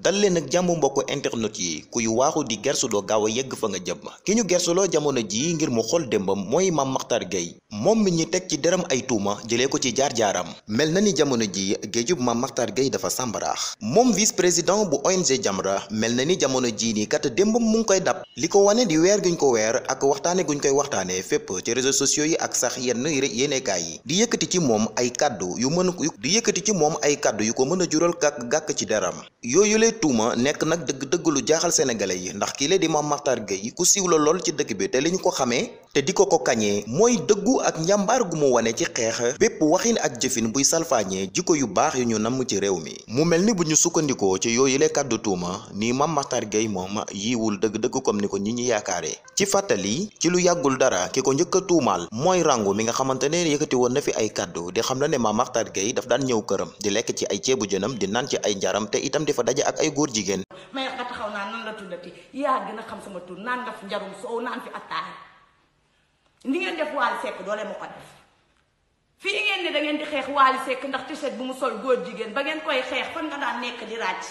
dal leen ak jàmm mbokku internet yi kuy waaxu di gersuloo gaaw a yegg fa nga jëm ki ñu gersuloo jamono jii ngir mu xool démbam mooy Mame Makhtar Gueye moom mi ñi teg ci deram ay tuuma jëlee ko ci jaar-jaaram mel na ni jamono ji géejub Mame Makhtar Gueye dafa sàmbaraax moom vice président bu ONG Jamra mel na ni jamono jii ni kat démbam mu ngi koy dab li ko wane di weer guñ ko weer ak waxtaane guñ koy waxtaane fépp ci réseaux sociaux yi ak sax yenn yéenekaay yi di yëkkati ci moom ay kàddu yu mën di yëkkati ci moom ay kàddu yu ko mën a jural gàkk gàkk ci deram yooyu yooyu tuuma nekk nag dëgg dëgg lu jaaxal sénégalais yi ndax kii la di Mame Mactar Gueye ku siiw la lool ci dëkk bi te li ñu ko xamee te di ko kañee mooy dëggu ak njàmbaar gu mu wane ci xeex bépp waxin ak jëfin buy salfaañee jikko yu baax yi ñu namm ci réew mi mu mel ni bu ñu sukkandikoo ci yooyu le kàddu tuuma ni Mame Mactar Gueye moom yiiwul dëgg-dëgg comme ni ko ñi ñi yaakaaree ci fàttali ci lu yàggul dara ki ko njëkk a tuumaal mooy rangu mi nga xamante ne yëkkati woon na fi ay kàddu di xam la ne Mame Mactar Gueye daf daan ñëw këram di lekk ci ay ceebu jënam di naan ci ay ay góor jigéen. may wax nga taxaw naa nan la tuddati yaa gën a xam sama tur naan nga fi njarum soow naan fi attaaya ni ngeen def Waly Seck doole ma ko def fii ngeen ne da ngeen di xeex waal sekk ndax t bu mu sol góor jigéen ba ngeen koy xeex fan nga daan nekk di ràcc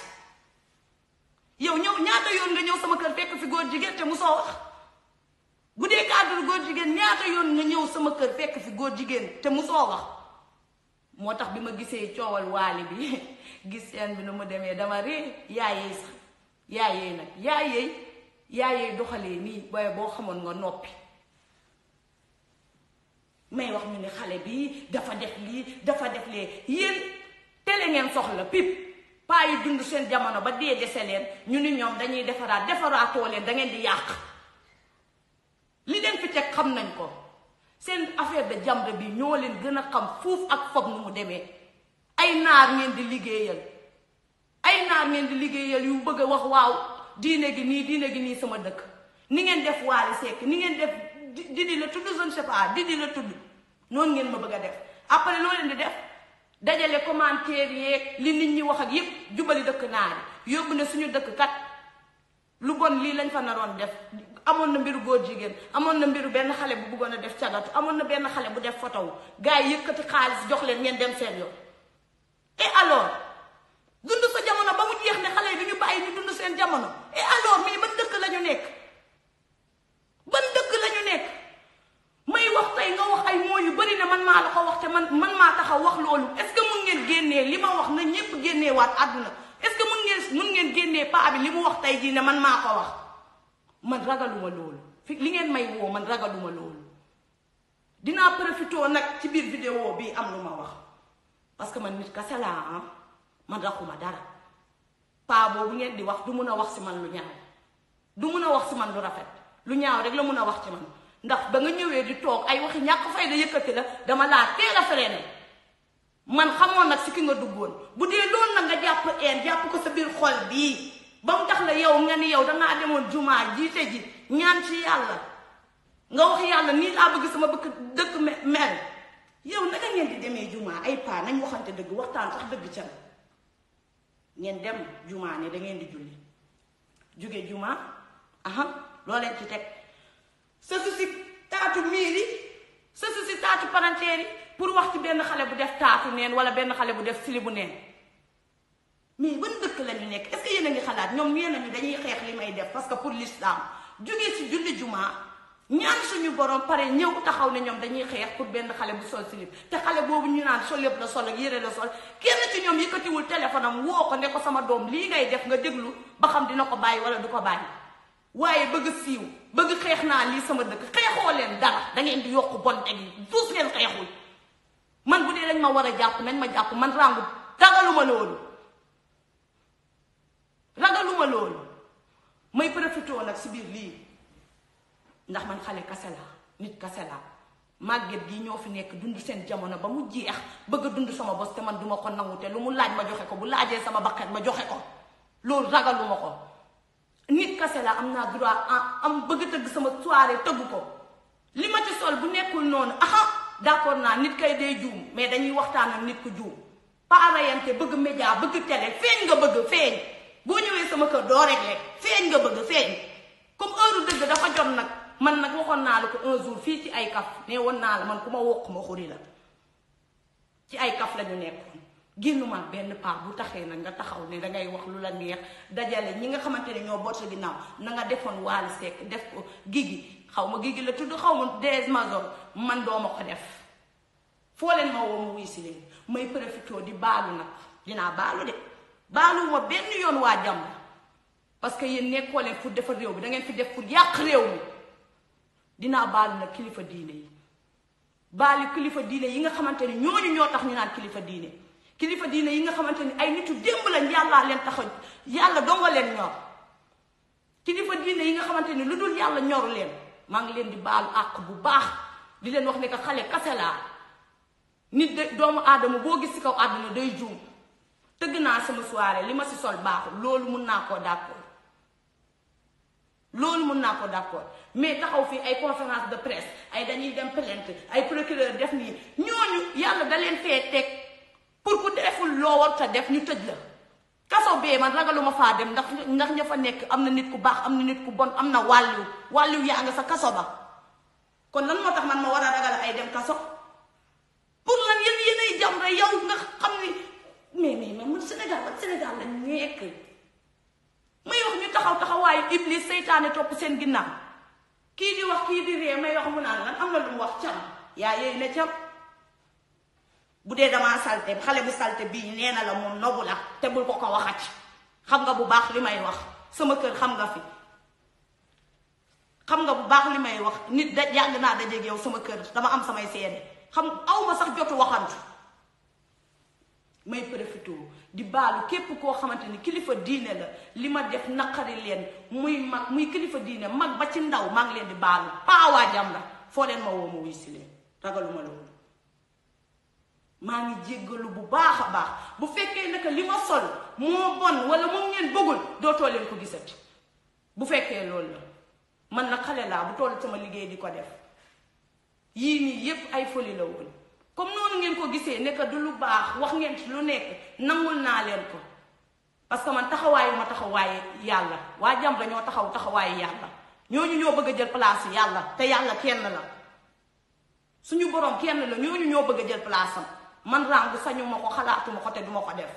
yow ñëw ñaata yoon nga ñëw sama kër fekk fi góor jigéen te mu soo wax bu dee cadre góor jigéen ñaata yoon nga ñëw sama kër fekk fi góor jigéen te mu soo wax. moo tax bi ma gisee coowal waali bi gis seen bi nu mu demee dama ree yaayee sax yaayee nag yaayee yaayee doxalee nii waaye boo xamoon nga noppi may wax ñu ne xale bi dafa def lii dafa def lee yéen tele ngeen soxla pip paa yi dund seen jamono ba dee dese leen ñu ni ñoom dañuy defaraat defaraatoo leen da ngeen di yàq li leen fi teg xam nañ ko seen affaire de jàmb bi ñoo leen gën a xam fuuf ak foog nu mu demee ay naar ngeen di liggéeyal ay naar ngeen di liggéeyal yu bëgg a wax waaw diine gi nii diine gi nii sama dëkk ni ngeen def waali sekk ni ngeen def didi la tudd je ne sais pas didi la tudd noonu ngeen ma bëgg a def après loo leen di def dajale commentaire yeeg li nit ñi wax ak yépp jubali dëkk naan yi yóbbu ne suñu dëkk kat lu bon lii lañ fa naroon def amoon na mbiru góor jigéen amoon na mbiru benn xale bu buggoon a def cagatu amoon na benn xale bu def photo wu gars yi yëkkati xaalis jox leen ngeen dem seen yoon. et alors dund sa jamono ba mu jeex ne xale yi du ñu bàyyi di dund seen jamono et alors mais ban dëkk la nekk ban dëkk la nekk may wax tey nga wax ay moo yu bari ne man maa la ko wax te man man maa taxaw wax loolu est-ce que mun ngeen génnee li ma wax na ñépp génneewaat àdduna. est ngeen génnee paa bi li mu wax tey jii ne man maa ko wax man ragaluma loolu fi li ngeen may woo man ragaluma loolu dinaa profitoo nag ci biir vidéo bii am lu ma wax parce que man nit kase laa am ah. man raxuma dara paa boobu ngeen di wax du mun a wax si man lu ñaaw du mun a wax si man lu rafet lu ñaaw rek la mun a wax ci man ndax ba nga ñëwee di toog ay waxi ñàkk fayda yëkkati la dama laa teel a man xamoon nag si ki nga duggoon bu dee loolu nag nga jàpp een jàpp ko sa biir xol bii ba mu tax la yow nga ni yow dangaa demoon jumaa jii jiite ji ñaan ci yàlla nga wax yàlla nii laa bëgg sama bëgg dëkk mel yow naka ngeen di demee jumaa ay paa nañ waxante dëgg waxtaan sax dëgg ca ngeen dem jumaa ne dangeen ngeen di julli jóge jumaa aha loo leen ci teg sa su si taatu miir yi sa su si taatu palanteer yi pour wax ci benn xale bu def taatu neen wala benn xale bu def sili bu neen mais bën dëkk la nekk est-ce que yéen a ngi xalaat ñoom nee ñi dañuy xeex li may def parce que pour l'islam jógee si julli jumaa ñaan suñu borom pare ñëw taxaw ne ñoom dañuy xeex pour benn xale bu sol silib te xale boobu ñu naan sol yëpp la sol ak yére la sol kenn ci ñoom yëkkatiwul téléphone am woo ko ne ko sama doom lii ngay def nga déglu ba xam dina ko bàyyi wala du ko bàyyi waaye bëgg siiw bëgg xeex naa lii sama dëkk xeexoo leen dara da ngeen di yokk bon teg yi duus ngeen xeexul man bu dee nañ ma war a jàpp nañ ma jàpp man ràngu ragaluma loolu ragaluma loolu may profité nag si biir lii ndax man xale kase la nit kase la màgget gi ñoo fi nekk dund seen jamono ba mu jeex bëgg a dund sama bos te man duma ko nangu te lu mu laaj ma joxe ko bu laajee sama baqet ma joxe ko loolu ragaluma ko nit kase la am naa droit am bëgg tëgg sama soirée tëgg ko li ma ci sol bu nekkul noonu aha d'accord naa nit kay day juum mais dañuy waxtaan ak nit ku juum pas bëgg média bëgg télé feeñ nga bëgg feeñ boo ñëwee sama kër doo réglé feeñ nga bëgg feeñ comme heure dëgg dafa jot nag man nag waxoon naa la ko un fii ci ay kaf ne woon naa la man ku ma wokk ma xuri la ci ay kaf la ñu nekkoon génnuma benn paa bu taxee nag nga taxaw ne dangay wax lu la neex dajale ñi nga xamante ne ñoo boot sa ginnaaw na nga defoon Wally Seck def ko Guigui xaw ma Guigui la tudd xaw ma des Major man dooma ko def foo leen ma woo wuy si leen may profité di baalu nag dinaa baalu de baalu ma benn yoon waa jàmm parce que yéen nekkoo leen pour defar réew bi da ngeen fi def pour yàq réew mi dinaa baalu nag kilifa diine yi kilifa diine yi nga xamante ni ñooñu ñoo tax ñu naan kilifa diine kilifa diine yi nga xamante ni ay nitu démb lañ yàllaa leen tax yàlla donga leen ñor kilifa diine yi nga xamante ni lu dul yàlla ñoru leen maa ngi leen di baalu àq bu baax di leen wax ne que xale kase nit de doomu aadama boo gis ci kaw àdduna day juum tëgg naa sama soirée li ma si sol baaxul loolu mun naa koo d'accord loolu mun naa ko d'accord mais taxaw fii ay conférence de presse ay dañuy dem plainte ay procureur def nii ñooñu yàlla da leen fee teg pour ku deful loo warut def ñu tëj la. kaso bee man ragaluma faa dem ndax ndax ña fa nekk am na nit ku baax am na nit ku bon am na wàlliw wàlliw yaa nga sa kaso ba kon lan moo tax man ma war a ragal ay dem kaso pour lan yéen yéenay jàmm rek yow nga xam ni mais mais mais man Sénégal ba Sénégal la nekk may wax ñu taxaw taxawaayu iblis seytaane topp seen ginnaaw kii di wax kii di ree may wax mu naan am na lu mu wax cam yaa yooyu ne cam bu dee damaa salte xale bu salte bii nee na la moom nobu la te bul ko ko waxat xam nga bu baax li may wax sama kër xam nga fi xam nga bu baax li may wax nit da yàgg naa dajeeg yow sama kër dama am samay seede xam aw ma sax jotu waxantu may profité di baalu képp koo xamante ni kilifa diine la li ma def naqari leen muy mag muy kilifa diine mag ba ci ndaw maa ngi leen di baalu paawaa jam la foo leen ma woo ma wuy si leen ragaluma loolu maa ngi jéggalu bu baax a baax bu fekkee naka li ma sol moo bon wala moom ngeen bëggul dootoo leen ko gisati bu fekkee loolu la man nag xale laa bu toll sama liggéey di ko def yii nii yépp ay foli la woon comme noonu ngeen ko gisee nekk du lu baax wax ngeen lu nekk nangul naa leen ko parce que man taxawaayu ma taxawaayu yàlla waa jàmm dañoo taxaw taxawaayu yàlla ñooñu ñoo bëgg a jël place yàlla te yàlla kenn la suñu borom kenn la ñooñu ñoo bëgg a jël place man ràng sañu ma ko xalaatuma ko te duma ko def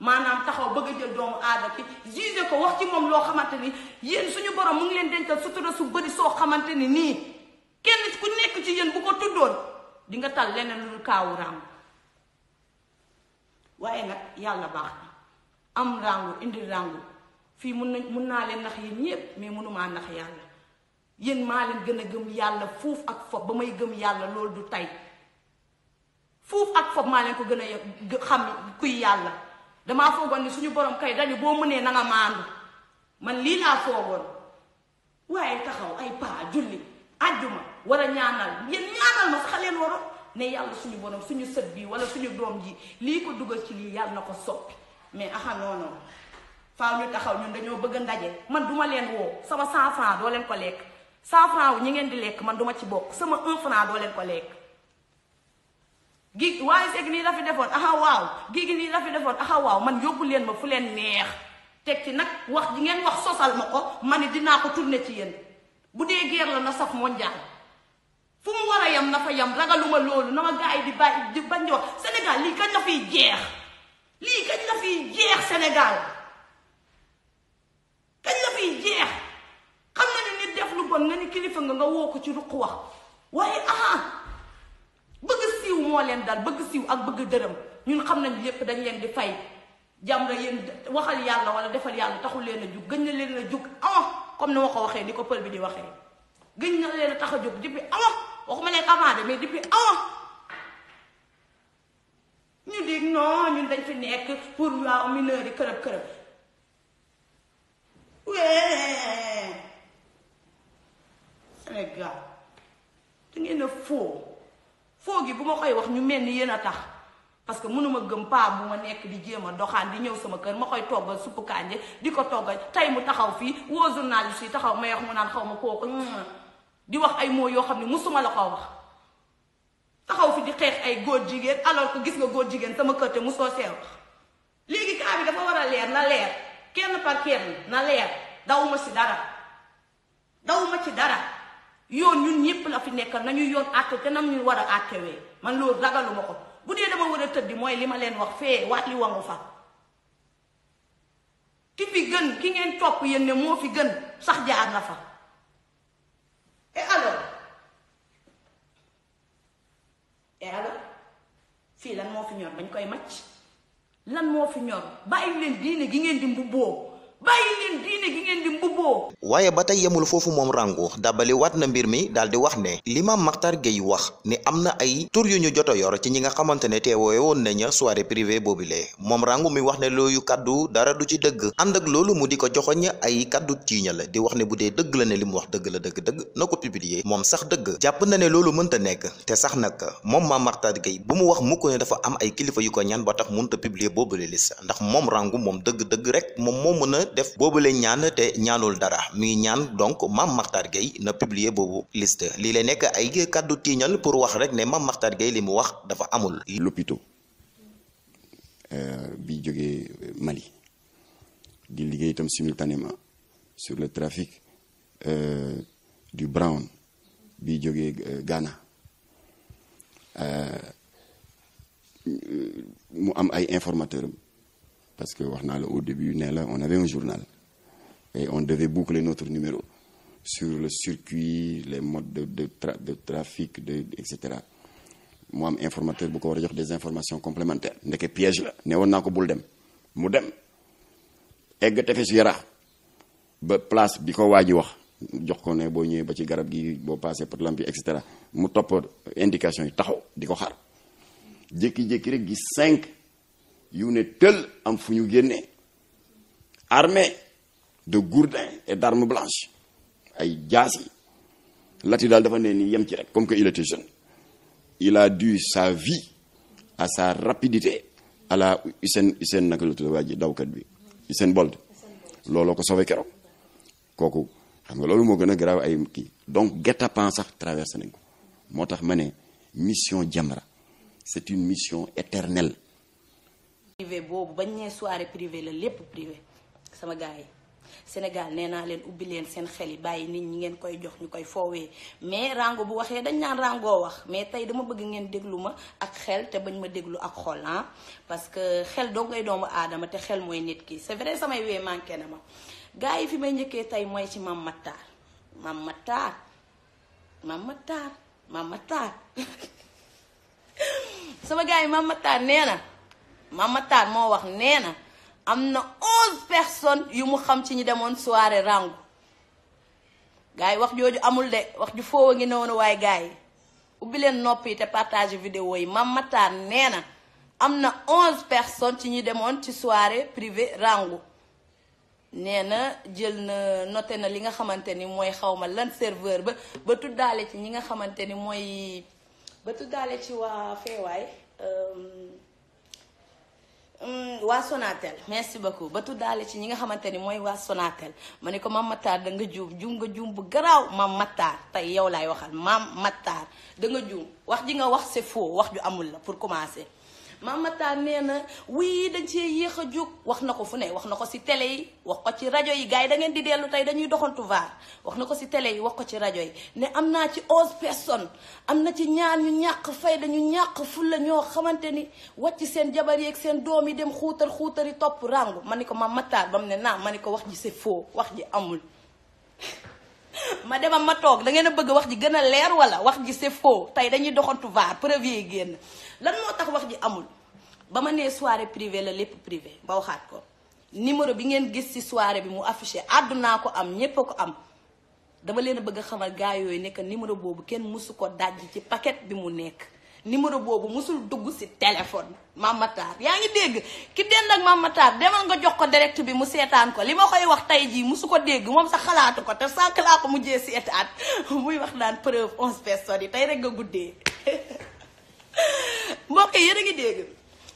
maanaam taxaw bëgg a jël doomu aada ki juge ko wax ci moom loo xamante ni yéen suñu borom mu ngi leen dencal sutura su bëri soo xamante ni nii kenn ku nekk ci yéen bu ko tuddoon di nga tal leneen lu dul kaawu ràng waaye nag yàlla baax na am ràngu indi ràngu fii mun na mun naa leen nax yéen ñépp mais mënumaa nax yàlla yéen maa leen gën a gëm yàlla fuuf ak fof ba may gëm yàlla loolu du tey foofu ak foofu maa leen ko gën a yëg xam kuy yàlla damaa foogoon ni suñu borom kay dañu boo mënee na nga maandu man lii laa foogoon waaye taxaw ay paa julli àjjuma war a ñaanal yéen ñaanal ma sax leen waroon ne yàlla suñu borom suñu sët bii wala suñu doom ji lii ko dugal ci lii yàlla na ko soppi mais axa noonu faaw ñu taxaw ñun dañoo bëgg ndaje man duma leen woo sama cent franc doo leen ko lekk cent franc wu ñi ngeen di lekk man duma ci bokk sama un franc leen ko lekk gi waaye seeg nii la fi defoon aha waaw gi gi nii la fi defoon aha waaw man yóbbu leen ma fu leen neex teg ci nag wax ji ngeen wax sosal ma ko ma ni dinaa ko tourné ci yéen bu dee guerre la na saf mondial fu mu war a yam na fa yam ragaluma loolu na ma gars yi di bàyyi di bañ wax Sénégal lii kañ la fi jeex lii kañ la fiy jeex Sénégal kañ la fiy jeex xam nga ni nit def lu bon nga ni kilifa nga nga woo ko ci ruq wax waaye aha bëgg si moo leen dal bëgg siiw ak bëgg dërëm ñun xam nañ lépp dañ leen di fay jàmm na waxal yàlla wala defal yàlla taxul leen a jug gëñ na leen a jug awa comme ni ma ko waxee ni ko pël bi di waxee gëñ na leen a tax a jug depuis awa waxuma leen avant de mais depuis awa ñu di non ñun dañ fi nekk pour waaw mineur yi kërëb kërëb wee Sénégal da ngeen a foo foo gi bu ma koy wax ñu mel ni yéen a tax parce que mënuma gëm paa bu ma nekk di jéem a doxaan di ñëw sama kër ma koy toggal suppu kànje di ko toggal tey mu taxaw fii woo journaliste si taxaw may wax mu naan xaw ma koo kooku di wax ay moo yoo xam ne musuma la ko wax taxaw fi di xeex ay góor jigéen alors que gis nga góor jigéen sama kër te musoo see wax léegi kaa bi dafa war a leer na leer kenn par kenn na leer dawuma ci dara dawuma ci dara yoon ñun ñëpp la fi nekkal nañuy yoon àtte te nam ñu war a àttewee man loolu ragaluma ko bu dee dama war a tëddi mooy li ma leen wax fee waat li wangu fa ki fi gën ki ngeen topp yéen ne moo fi gën sax jaar na fa et alors et alors fii lan moo fi ñor bañ koy macc lan moo fi ñor bàyyi leen diine gi ngeen di mbubboo bàyyi leen diine gi ngeen di mbubboo waaye ba tey yemul foofu moom Rango dabali waat na mbir mi daal di wax ne li Limaam Makhtar Gueye wax ni am na ay tur yu ñu jot a yor ci ñi nga xamante ne teewoo woon nañu soirée privée boobule moom Rango mi wax ne looyu kaddu dara du ci dëgg ànd ak loolu mu di ko joxoñ ay kaddu ciiña la di wax ne bu dee dëgg la ne li mu wax dëgg la dëgg-dëgg na ko moom sax dëgg jàpp na ne loolu mënta nekk te sax nag moom Maam Makhtar bu mu wax mukk dafa am ay kilifa yu ko ñaan ba tax mënta publier boobule liste ndax moom Rango moom dëgg-dëgg rek moom moo mën a def boobu la ñaan te ñaanul dara muy ñaan donc Mame maxtar Gueye na publier boobu list lii la nekk ay kaddu tiiñal pour wax rek ne Mame Mactar Gueye li mu wax dafa amul. l'hôpital euh, bi jógee Mali di liggéey itam simultanément sur le trafic euh, du brown bi jógee euh, gana mu am ay informateur parce que wax naa la au début ne la on avait un journal on devait boucler notre numéro sur le circuit les modes de de tra de trafic de et cetera mu am informateur bu ko war a jox des informations complémentaires ndeke piège la ne woon naa ko bul dem mu dem egg tefesu Yara ba place bi ko waa ji wax jox ko ne boo ñëwee ba ci garab gi boo passé par lampi et cetera mu topp indication yi taxaw di ko xaar jékki-jékki rek gi cinq yu ne tël am fu ñu génne armée de gourdins et d'armes blanches ay jaas yi lati daal dafa ne ni yem ci rek comme que il était jeune il a dû sa vie à sa rapidité à la Usain Usain naka la tudd waa ji dawkat bi Usain Bolt looloo ko sauvé keroog kooku xam nga loolu moo gën a garaaw ay kii donc guet-apens sax traversé nañ ko moo tax ma ne mission Jamra c'est une mission éternelle privé boobu bañ nee soirée privé la lépp privé sama gars yi Sénégal nee naa leen ubbi leen seen xel yi bàyyi nit ñi ngeen koy jox ñu koy foowee mais rango bu waxee dañ naan rango wax mais tey dama bëgg ngeen déglu ma ak xel te bañ ma déglu ak xol ah parce que xel doo ngay doomu aadama te xel mooy nit ki c'est vrai samay wee manqué na ma gars yi fi may njëkkee tey mooy ci Mame Matar Mame Matar Mame Matar ma Matar sama gars yi ma Matar nee Mame moo wax nee na am na onze personnes yu mu xam ci ñu demoon soirée Rangou gars yi wax jooju amul de wax ju foo ngi noonu waaye gars yi ubbi leen yi te partage vidéo yi Mame Matar nee na am na onze personnes ci ñu demoon ci soirée privée ràngu nee na jël na noté na li nga xamante ni mooy xaw ma lan serveur ba ba tuddaale ci ñi nga xamante ni mooy ba tuddaale ci waa feewaay euh, Mm, waa Sonatel. merci beaucoup ba tuddaale ci ñi nga xamante ni mooy waa Sonatel ma ne ko maam Matar da nga juum juum nga juum bu garaaw maam Matar tey yow laay waxal maam Matar da nga juum wax ji nga wax c'est faux wax ju amul la pour commencer. mamata nee na wii dañ cee yéex a jóg wax na ko fu ne wax na ko si tele yi wax ko ci rajo yi gars yi di dellu tey dañuy doxantu vaar wax na ko si télé yi wax ko ci rajo yi ne am naa ci onze personne am na ci ñaar ñu ñàkk fay ñu ñàkk fulla ñoo xamante ni wàcc seen jabar yeeg seen doom yi dem xuutar xuutari topp ràngu ma ni ko mamata ba mu ne naa ma ni ko wax ji c'est faux wax ji amul ma demam ma toog da ngeen a bëgg wax ji gën a leer wala wax ji c'est faux tey dañuy doxantu vaar preuve génn lan moo tax wax ji amul ba ma nee soirée privée la lépp privé ba waxaat ko numéro bi ngeen gis ci soirée bi mu affiché àddunaa ko am ñépp a ko am dama leen a bëgg xamal gaa yooyu nekk numéro boobu kenn mësu ko daj ci paket bi mu nekk numéro boobu musul dugg si téléphone Mame Matar yaa ngi dégg ki dend ak Mame Matar demal nga jox ko direct bi mu seetaan ko li ma koy wax tey jii musu ko dégg moom sax xalaatu ko te sànq laa ko mujjee seetaan muy wax naan preuve onze personnes yi tey rek nga guddee mbokk yéen a ngi dégg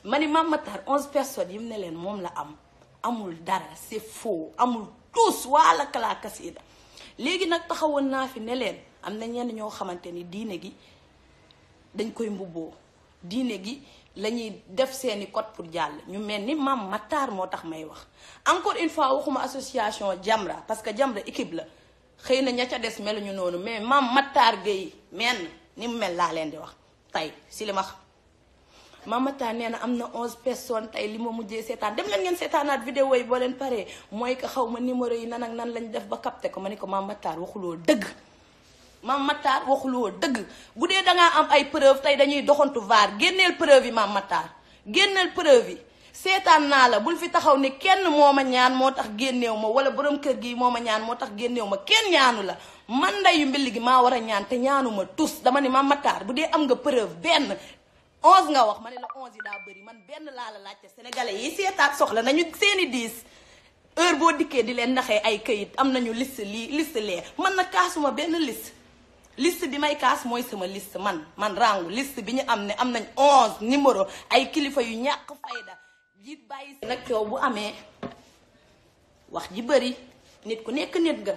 ma ni Mame Matar onze personnes yim ne leen moom la am amul dara c'est faux amul tous waala kalaa kasiida léegi nag taxawoon naa fi ne leen am na ñenn ñoo xamante ni diine gi dañ koy mbubboo diine gi la ñuy def seeni code pour jàll ñu mel ni maam Matar moo tax may wax encore une fois waxuma association Jamra parce que Jamra équipe la xëy na ña ca des meluñu noonu mais maam Matar Gueye menn ni mu mel laa leen di wax tey si li ma xam maam Matar nee na am na onze personnes tey li ma mujjee seetaan dem leen ngeen seetaanaat vidéo yi boo leen paree mooy que xaw ma numéro yi nan ak nan lañ def ba capté ko ma ni ko maam Matar waxuloo dëgg maam Matar waxuloo dëgg bu dee dangaa am ay preuve tey dañuy doxantu vaar génneel preuve yi maam Matar génneel preuve yi seetaan naa la bul fi taxaw ni kenn moo ma ñaan moo tax génneew ma wala borom kër gi moo ma ñaan moo tax génneew ma kenn ñaanu la man ndeyu mbill gi maa war a ñaan te ma tus dama ne maam Matar bu dee am nga preuve benn onze nga wax ma ne la onze yi daa bëri man benn laa la laajte sénégalais yi seetaat soxla nañu seeni diis heure boo dikkee di leen naxee ay kayit am nañu list lii liste lee man na kaasuma benn liste list bi may kaas mooy sama list man man rangu list bi ñu am ne am nañ onze numéro ay kilifa yu ñàkk fayda ji bàyyi nag coow bu amee wax ji bari nit ku nekk nit ga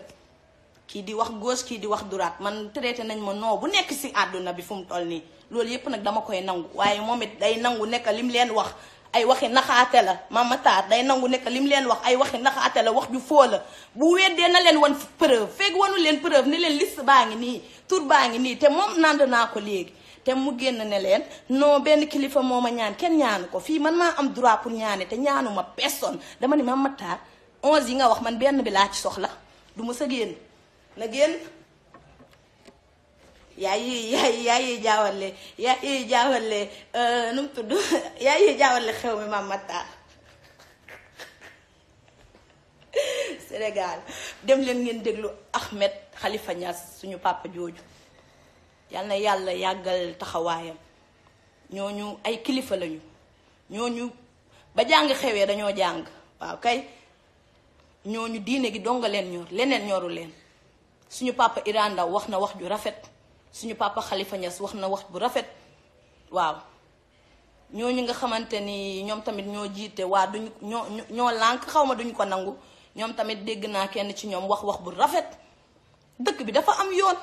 kii di wax gauche kii di wax droite man traité nañ ma noo bu nekk ci àdduna bi fu mu toll nii loolu yépp nag dama koy nangu waaye moom it day nangu nekk lim leen wax ay waxi naxaate la ma Matar day nangu nekk li mu leen wax ay waxi naxaate la wax ju foo la bu weddee na leen wan preuve fekk wanu leen preuve ni leen liste baa ngi nii tur baa ngi nii te moom nand naa ko léegi te mu génn ne leen non benn kilifa moo ma ñaan kenn ñaanu ko fii man maa am droit pour ñaane te ñaanuma personne dama ni ma Matar onze yi nga wax man benn bi laa ci soxla du ma sa génn na génn yaay yi yaay yaay yi jaawale yaay yi jaawale euh, nu mu tudd yaay yi jaawale xew mi maam Matar Sénégal dem leen ngeen déglu Ahmed xalifa Niass suñu papa jooju yal na yàlla yàggal taxawaayam ñooñu ay kilifa lañu ñooñu ba jàng xewee dañoo jàng waaw kay ñooñu diine gi donga leen ñor leneen ñoru leen suñu papa Iran wax na wax ju rafet suñu papa xalifa Niass wax na wax bu rafet waaw ñooñu nga xamante ni ñoom tamit ñoo jiite waa duñu ñoo ñoo lànk xaw ma duñu ko nangu ñoom tamit dégg naa kenn ci ñoom wax wax bu rafet dëkk bi dafa am yoon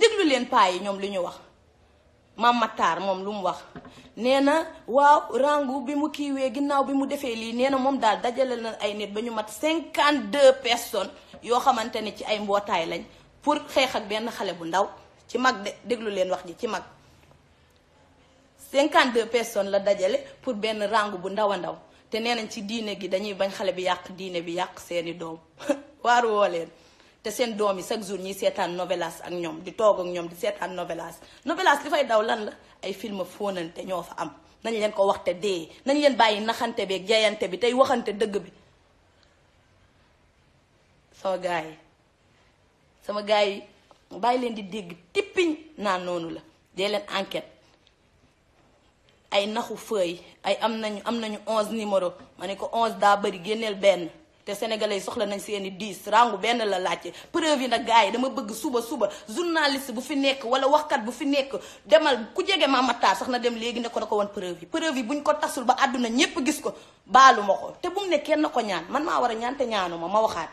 déglu leen paa yi ñoom lu ñu wax maam Matar moom lu mu wax nee na waaw rangu bi mu kiiwee ginnaaw bi mu defee lii nee na moom daal dajale na ay nit ba ñu mat 52 personnes yoo xamante ni ci ay mbootaay lañ pour xeex ak benn xale bu ndaw ci mag de déglu leen wax ji ci mag 52 personnes la dajale pour benn ràng bu ndaw a ndaw te nee nañ ci diine gi dañuy bañ xale bi yàq diine bi yàq seeni doom waaru woo leen te seen doom yi chaque jour ñuy seetaan novelas ak ñoom di toog ak ñoom di seetaan novelas novelas li fay daw lan la ay film fóonante ñoo fa am nañ leen ko wax te dee nañ leen bàyyi naxante bi ak jayante bi tey waxante dëgg bi sama gars yi sama gars yi bàyyi leen di dégg tippiñ naan noonu la dee leen enquête ay naxu feuille ay am nañu am nañu onze numéro ma ne ko onze daa bari génneel benn te sénégalais yi soxla nañ seeni dix rangu benn la laajte preuve yi nag gars yi dama bëgg suba suba journaliste bu fi nekk wala waxkat bu fi nekk demal ku jege ma Matar sax na dem léegi ne ko na ko woon preuve yi preuve yi buñ ko tasul ba àdduna ñépp gis ko baalu ko te bu mu ne kenn ko ñaan man maa war a ñante te ñaanu ma ma waxaat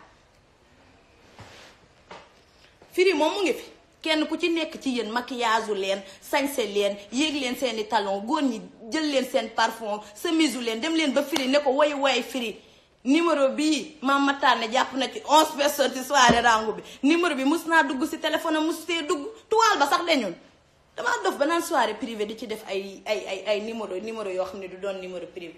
firi moom mu ngi fi kenn ku ci nekk ci yéen maquillage leen sañse leen yéeg leen seen i talon góor ñi jël leen seen parfum chemise leen dem leen ba firi ne ko way way firi numéro bii maam Matane jàpp na ci onze personnes ci soirée rangu bi numéro bi mus naa dugg si téléphone am mus tee dugg tuwaal ba sax dañul damaa dof ba naan soirée privée di ci def ay ay ay ay numéro numéro yoo xam ne du doon numéro privé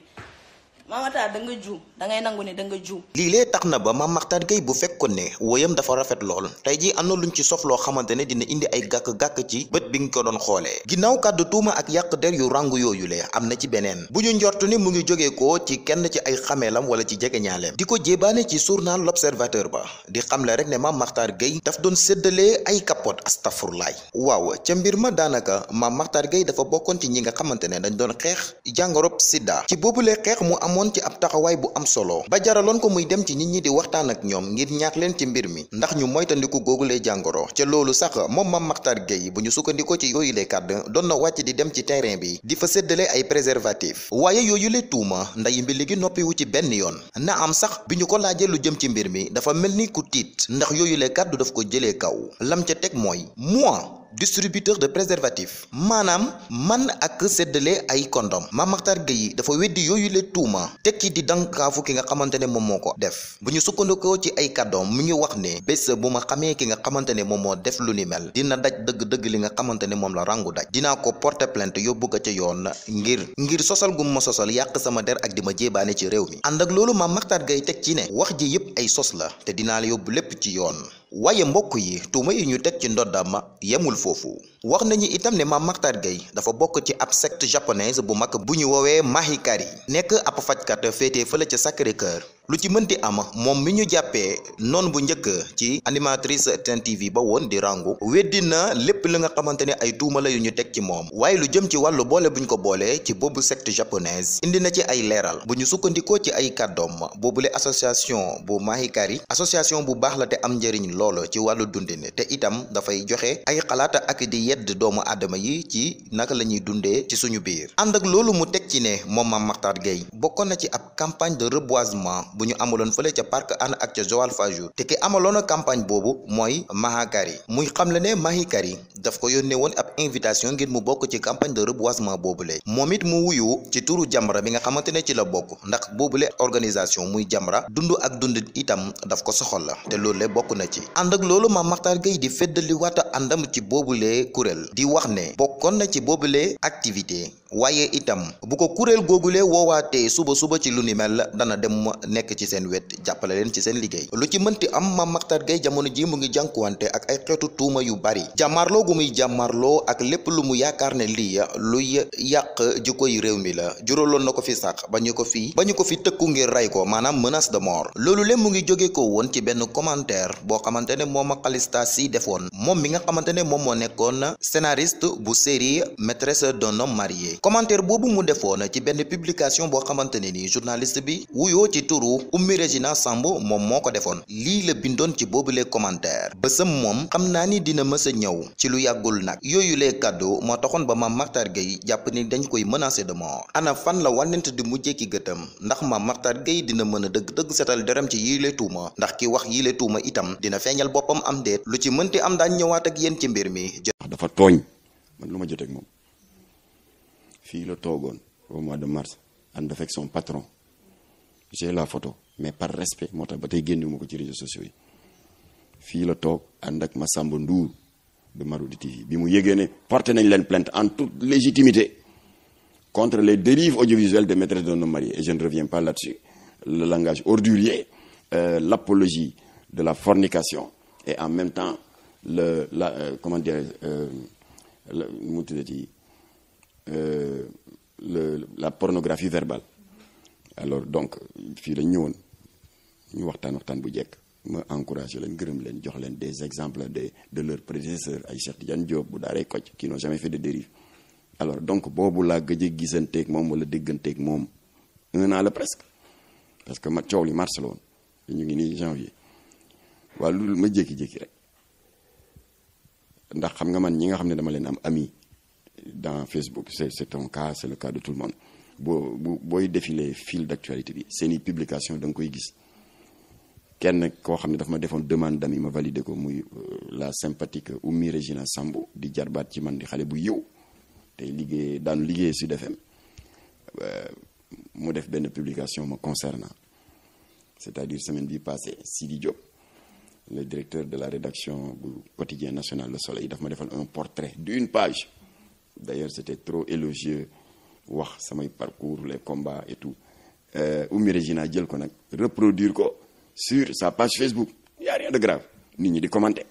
Mamata da nga juum da ngay nangu ne da nga juum. lii lee tax na ba Mame Mactar Gueye bu fekkoon ne woyam dafa rafet lool tey jii am na luñ ci sof loo xamante ne dina indi ay gàkk-gàkk ci bët bi nga ko doon xoolee ginnaaw kàddu tuuma ak yàq der yu rangu yooyu le am na ci beneen bu ñu njort ni mu ngi jógee ko ci kenn ci ay xameelam wala ci jegeñaaleem di ko jébaane ci journal l'Observateur ba di xamle rek ne Mame Mactar Gueye daf doon séddalee ay capote astafurlaay waaw ca mbir ma daanaka Mame Mactar Gueye dafa bokkoon ci ñi nga xamante ne dañ doon xeex jàngorob sida ci xeex mu am amoon ci ab taxawaay bu am solo ba jaraloon ko muy dem ci nit ñi di waxtaan ak ñoom ngir ñaax leen ci mbir mi ndax ñu moytandiku googulee jàngoro ca loolu sax moom Mame Mactar Guèye bu ñu sukkandiku ci yooyu le kàdd doon na wàcc di dem ci terrain bi di fa séddale ay préservatif waaye yooyu le tuuma nday mbi léegi noppiwu ci benn yoon na am sax bi ñu ko laajee lu jëm ci mbir mi dafa mel ni ku tiit ndax yooyu le kàddu daf ko jëlee kaw lam ca teg mooy moi distributeur de préservatif maanaam man ak seddale ay kondom Mame Mactar Guèye dafa weddi yooyu le tuuma tekki di dànkaafu ki nga xamante ne moom moo ko def bu ñu sukkandikoo ci ay kàddoom mu ngi wax ne bés bu ma xamee ki nga xamante ne moom moo def lu ni mel dina daj dëgg-dëgg li nga xamante ne moom la rangu daj dinaa ko porte plainte yóbbu ko ca yoon ngir ngir sosal gum ma sosal yàq sama der ak di ma jéebaane ci réew mi ànd ak loolu Mame Mactar Guèye teg ci ne wax ji yëpp ay sos la te dinaa la yóbbu lépp ci yoon waaye mbokk yi tuuma yi ñu teg ci ndoddama yemul foofu wax nañu itam ne ma maxtar Gueye dafa bokk ci ab secte japonaise bu mag bu ñu woowee yi nekk ab fajkat féete fële ca Sacré-Cœur lu ci mën mënti ama moom mi ñu jàppee noonu bu njëkk ci animatrice Sen TV ba woon di rangu weddi na lépp li nga xamante ne ay tuumala yu ñu teg ci moom waaye lu jëm ci wàllu boole buñ ko boole ci boobu secte japonaise indi na ci ay leeral bu ñu sukkandikoo ci ay kàddoom boobule association bu Mahikari association bu baax la te am njëriñ loolu ci wàllu dundin te itam dafay joxe ay xalaata ak di yedd doomu aadama yi ci naka la ñuy dundee ci suñu biir ànd ak loolu mu teg ci ne moom Mame Mactar Gueye bokkoon na ci ab campagne de reboisement bu ñu amaloon fële ca parc ànd ak ca Joal Fadiouth te ki amaloon campagne boobu mooy Mahakari muy xamle ne Mahakari daf ko yónnee woon ab invitation ngir mu bokk ci campagne de reboisement boobule moom it mu wuyu ci turu Jamra bi nga xamante ne ci la bokk ndax boobule organisation muy Jamra dund ak dund itam daf ko soxal la te loolu le bokk na ci ànd ak loolu Mame Makhtar Gueye di feddali waata àndam ci boobule kuréel di wax ne bokkoon na ci boobule activité waaye itam bu ko kuréel googulee woowaatee suba suba ci lu ni mel dana dem nekk ci seen wet jàppale leen ci seen liggéey lu ci mënti am Mame Mactar Gueye jamono ji mu ngi jànquwante ak ay xeetu tuuma yu bari jàmmaarloo gu muy jàmmaarloo ak lépp lu mu yaakaar ne lii luy yàq jikko yi réew mi la juróoloon na ko fi sax ba ñu ko fi ba ñu ko fi tëkku ngir rey ko maanaam menace de mort loolu lépp mu ngi jóge ko woon ci benn commentaire boo xamante ne moom Calista Sy defoon moom mi nga xamante ne moom moo nekkoon scénariste bu série maîtresse d'un homme marié bi commentaire boobu mu defoon ci benn publication boo xamante ne ni journaliste bi wuyoo ci turu Oumy Régina Samb moom moo ko defoon lii la bindoon ci boobu boobule commentaire bésam moom xam naa ni dina mës a ñëw ci lu yàggul nag yooyu lee kàddu moo taxoon ba Mame Mactar Gueye jàpp ni dañ koy menacer de ana fan la wànnent di mujjee ki gëtam ndax Mame Mactar Gueye dina mën a dëgg dëgg setal deram ci yile tuuma ndax ki wax yile tuuma itam dina feeñal boppam am déet lu ci mënti am daan ñëwaat ak yéen ci mbir mi dafa tooñ ma jotee ak fii la toogoon au mois de mars ànd fekk son patron j'ai la photo mais par respect moo tax ba tey génne ma ko ci réseaux sociaux yi fii la toog ànd ak Massamba Ndour de Marodi TV bi mu yégee ne porté nañ leen plainte en toute légitimité contre les dérives audiovisuelles de Maîtresse d'un homme marié et je ne reviens pas là-dessus le langage ordurier euh, l'apologie de la fornication et en même temps le la euh, comment dire euh, mu tuddati euh, le la pornographie verbal alors donc fii lañ ñëwoon ñu waxtaan waxtaan bu jekk ma encourager leen gërëm leen jox leen des exemples de de leurs prédécesseurs ay Cheikh Tidiane Diop bu daaree Kocc qui n'ont jamais de dérive alors donc boobu laa gëj a gisanteeg moom wala dégganteeg moom un an la presque parce que ma coow li mars la ñu ngi nii janvier waa loolu ma jékki-jékki rek ndax xam nga man ñi nga xam ne dama leen am ami dans Facebook c'est c'est ton cas c'est le cas de tout le monde boo bu booy défilé fil d'actualité bi seen i publication da nga koy gis kenn koo xam ne dafa ma defoon demande d'ami ma validé ko muy euh, la sympathique Oumy Régina Sambo di jarbaat ci man di xale bu yëw tey liggéey daanu liggéey Sud FM euh, mu def benn publication ma concernant c'est-à-dire semaine bi passée Sidi Diop le directeur de la rédaction bu quotidien national Le Soleil daf ma defal un portrait d'une page d'ailleurs c'était trop élogieux wax samay parcours les combats et tout euh, Oumy Regina jël ko nag reproduire ko sur sa page Facebook y a rien grave nit ñi di commenter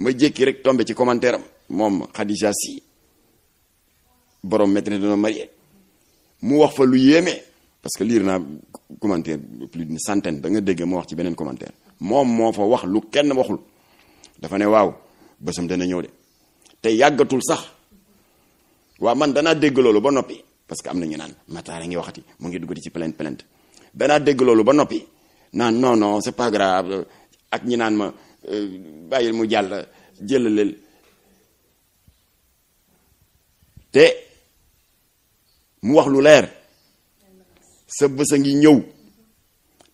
ma jékki rek tombe ci commentaire am moom Khadija Sy borom maîtresse d'un homme marié mu wax fa lu yéeme parce que lire naa commentaire plus d'une centaine da nga dégg ma wax ci beneen commentaire moom moo fa wax lu kenn waxul dafa ne waaw bësam dana ñëw de te yàggatul sax waaw man danaa dégg loolu ba noppi parce que am na ñu naan Matar a ngi waxati mu ngi duggati ci plainte plainte danaa dégg loolu ba noppi naan non non c'est pas grave ak ñi naan ma euh, bàyyil mu jàll jëlaleel te mu wax lu leer sa bés a ngi ñëw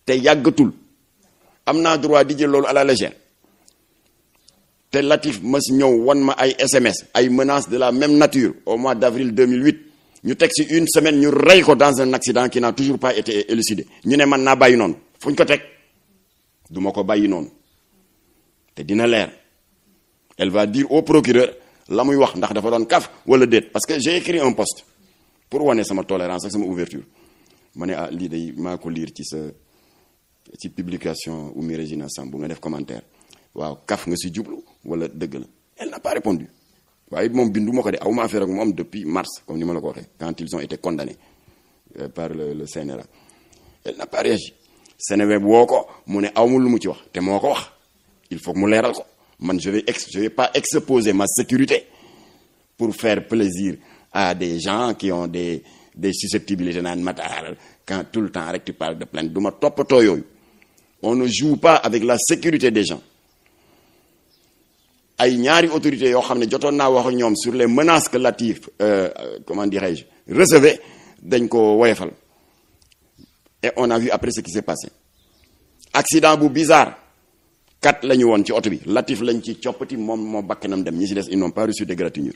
te yàggatul am naa droit di jël loolu à la te Latif mas ñëw wan ma ay SMS ay menaces de la même nature au mois d' avril 2008 ñu teg si une semaine ñu rey ko dans un accident qui n'a toujours pas été élucidé ñu ne man naa bàyyi noonu fu ñu ko teg duma ko bàyyi noonu te dina leer elle va dire au procureur la muy wax ndax dafa doon kaf wala déet parce que j'ai écrit un post pour wane sama tolérance ak sama ouverture ma ne ah lii day maa ko lire ci sa ci publication Oumy Régina Samb bu nga def commentaire waaw kaf nga si jublu wala dëgg la elle n'a pas répondu waaye moom bindu ma ko de aw ma affaire ak moom depuis mars comme ni ma la ko waxee quand ils ont été condamnés euh, par le le CNRA elle n'a pas réagi Seneweb woo ko mu ne aw ma lu mu ci wax te moo ko wax il faut mu leeral ko man je vais ex je vais pas exposer ma sécurité pour faire plaisir à des gens qui ont des des susceptibilités naan mataaral quand tout le temps rek tu parles de plainte du ma toppatoo yooyu on ne joue pas avec la sécurité des gens ay ñaari autorités yoo xam ne jotoon naa wax ñoom sur les menaces que Latif euh, comment dirais-je dañ ko woyefal et on a vu après ce qui s'est passé accident bu bizarre kat la ñu woon ci oto bi Latif lañ ci coppati moom moo bakkanam dem ñi ci des ils n'ont pas reçu de gratinure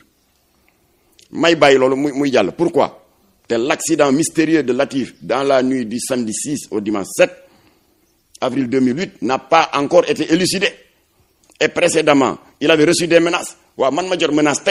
may bàyyi loolu muy muy jàll pourquoi te l'accident mystérieux de Latif dans la nuit du samedi 6 au dimanche 7 avril 2008 n'a pas encore été élucidé et précédemment il avait reçu des menaces waaw man ma jot menace